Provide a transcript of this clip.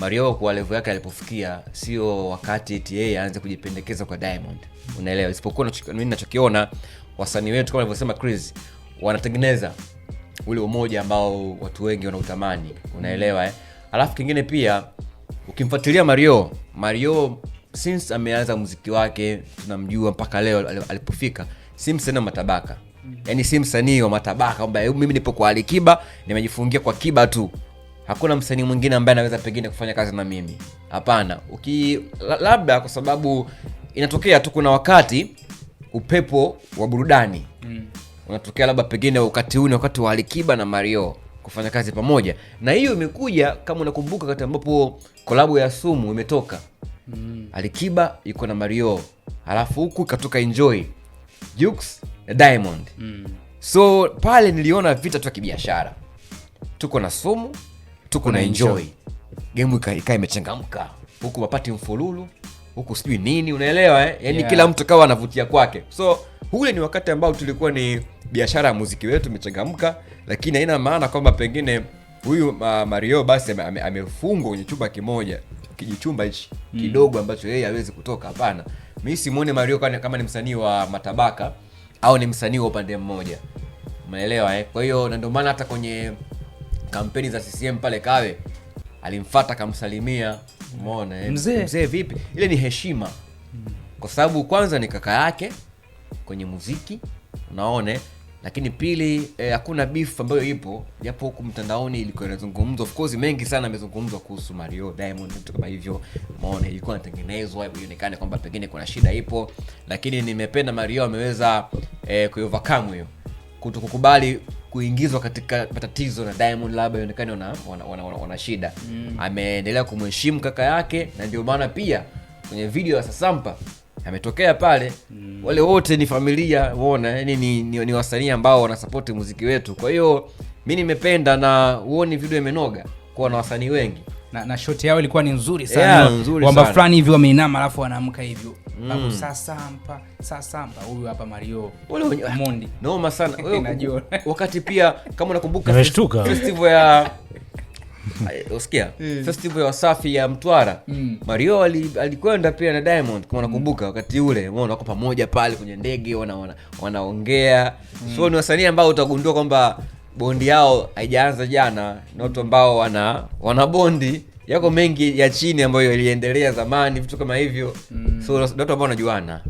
Mario kwa levo yake alipofikia, sio wakati eti yeye aanze kujipendekeza kwa Diamond, unaelewa. Isipokuwa mimi nachokiona wasanii wetu kama alivyosema Chris, wanatengeneza ule umoja ambao watu wengi wanautamani, unaelewa eh? Alafu kingine pia ukimfuatilia Mario, Mario since ameanza muziki wake tunamjua mpaka leo alipofika, si msanii wa matabaka, mm. yaani si msanii wa matabaka kwamba eh, mimi nipo kwa Alikiba nimejifungia kwa kiba tu hakuna msanii mwingine ambaye anaweza pengine kufanya kazi na mimi hapana. Uki labda kwa sababu inatokea tu, kuna wakati upepo wa burudani mm. unatokea labda pengine wakati huu ni wakati wa Alikiba na Mario kufanya kazi pamoja, na hiyo imekuja kama unakumbuka, wakati ambapo kolabu ya Sumu imetoka mm. Alikiba iko na Mario, alafu huku ikatoka Enjoy Jux na Diamond mm. so pale niliona vita tu ya kibiashara, tuko na Sumu tuko na enjoy game ikaa imechangamka, huku wapati mfululu huku sijui nini, unaelewa eh? Yani yeah. Kila mtu kawa anavutia kwake, so hule ni wakati ambao tulikuwa ni biashara ya muziki wetu imechangamka, lakini haina maana kwamba pengine huyu uh, Mario basi amefungwa ame kwenye chumba kimoja kijichumba hichi mm. kidogo ambacho yeye hawezi kutoka. Hapana, mi simuone Mario kama ni msanii wa matabaka au ni msanii wa upande mmoja, umeelewa eh? Kwa hiyo na ndio maana hata kwenye kampeni za CCM pale Kawe, alimfata akamsalimia. Umeona eh? Mzee mzee, vipi? Ile ni heshima, kwa sababu kwanza ni kaka yake kwenye muziki, unaone eh? lakini pili eh, hakuna eh, beef ambayo ipo, japo huku mtandaoni ilikuwa inazungumzwa, of course mengi sana amezungumzwa kuhusu Mario Diamond, vitu kama hivyo. Umeona, ilikuwa inatengenezwa ionekane kwamba pengine kuna shida ipo, lakini nimependa Mario ameweza eh, kuovercome hiyo, kutokukubali kuingizwa katika matatizo na Diamond labda ionekane wana, wana, wana, wana, wana shida mm. Ameendelea kumheshimu kaka yake, na ndio maana pia kwenye video ya Sasampa ametokea pale mm. Wale wote ni familia, uona ni, ni, ni, ni wasanii ambao wanasapoti muziki wetu. Kwa hiyo mi nimependa na huoni video imenoga kuwa na wasanii wengi na, na shoti yao ilikuwa ni nzuri sana kwamba yeah, fulani hivi wameinama alafu wanaamka hivyo mm. sasampa sasampa huyu hapa Mario Mondi noma sana wakati pia kama unakumbuka festival ya usikia mm. festival ya Wasafi ya Mtwara mm. Mario alikwenda pia na Diamond kama unakumbuka mm. wakati ule unaona wako pamoja pale kwenye ndege wanaongea wana, wana mm. so ni wasanii ambao utagundua kwamba bondi yao haijaanza jana, ni watu ambao wana wana bondi yako mengi ya chini ambayo iliendelea zamani, vitu kama hivyo mm. So watu ambao wanajuana